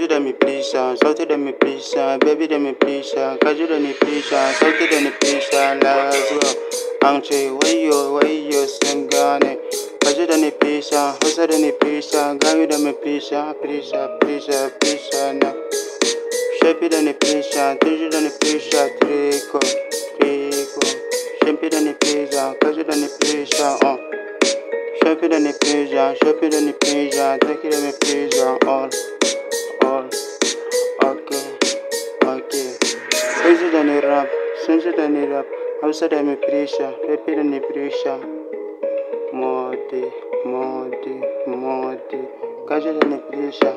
Cause you done me please, uh, salty done me please, uh, baby done me please, uh, cause you done me please, uh, salty done me please, uh, love you. I'm tree, way you, way you, same gun. Cause you done me please, uh, hustle done me please, uh, girl you done me please, uh, please, uh, please, uh, please, uh, no. Shape you done me please, uh, things you done me please, uh, trico, trico. Shape you done me please, uh, cause you done me please, uh, uh. Shape you done me please, uh, shape you done me please, uh, take you done me please. Sunzi da nira Sunzi da nira Hausa da mai pressure day da mai pressure Modi Modi Modi Kaji da a pressure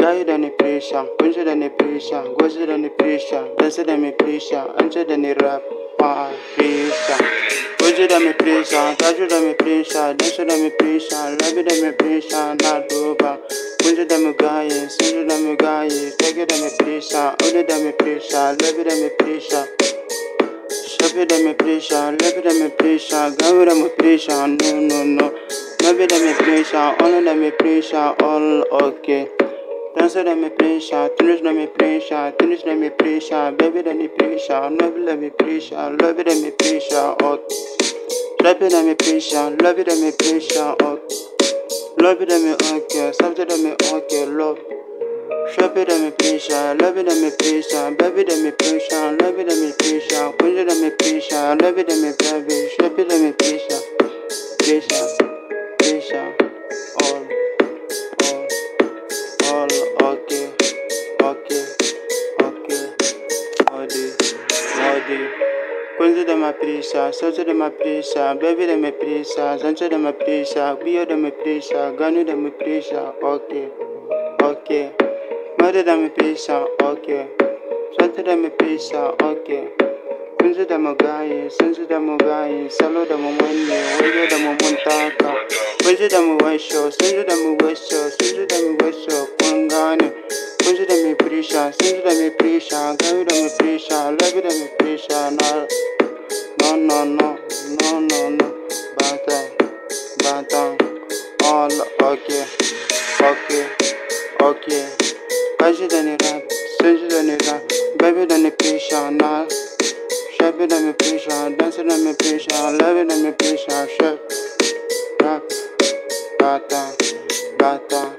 Tayi da pressure, kunji da ni pressure, gozi da ni pressure, dansi da mi pressure, anji da rap, ah, pressure. Goji da mi pressure, taju da mi pressure, dansi da mi pressure, labi da mi pressure, Not doba. Older than my guys, older than my guys, bigger than my pressure, older than my pressure, level than my pressure. Sharper than my pressure, level than my pressure, graver than my pressure, no, no, no. Never than my pressure, honor than my pressure, all okay. Dancer than my pressure, tennis than my pressure, tennis than my pressure, baby than my pressure, never than my pressure, love it than my pressure, okay. Sharper than my pressure, love it than my pressure, okay. Love it and me okay, something that me okay, love. Shop it and me patient, love it and me patient, baby that me patient, love it and me patient, queen that me patient, love it and me baby, shop it and me patient, patient, patient, all, all, all, okay, okay, okay, body, body de de de Konzidama de sosodama presa, bevidama de zanzodama presa, biodama de ganudama presa, okay, okay. de Motherama presa, okay. de Santodama presa, okay. de de gai, gai, Kunzidama gaye, sanzodama gaye, salodama mwende, wajodama mwantaka. de washo, sanzodama washo, de washo, pangane. Kunzidama de sanzodama presa, ganudama de lavidama presa no, no, no, no, no. Bantang, bantang. All okay, okay, okay. don't dönü rap, don't dönü rap. Baby do dönü pişan, nah. Shape it on me, picture, dance it on me, picture, love it on me, picture, shape. Rap, bata, bata.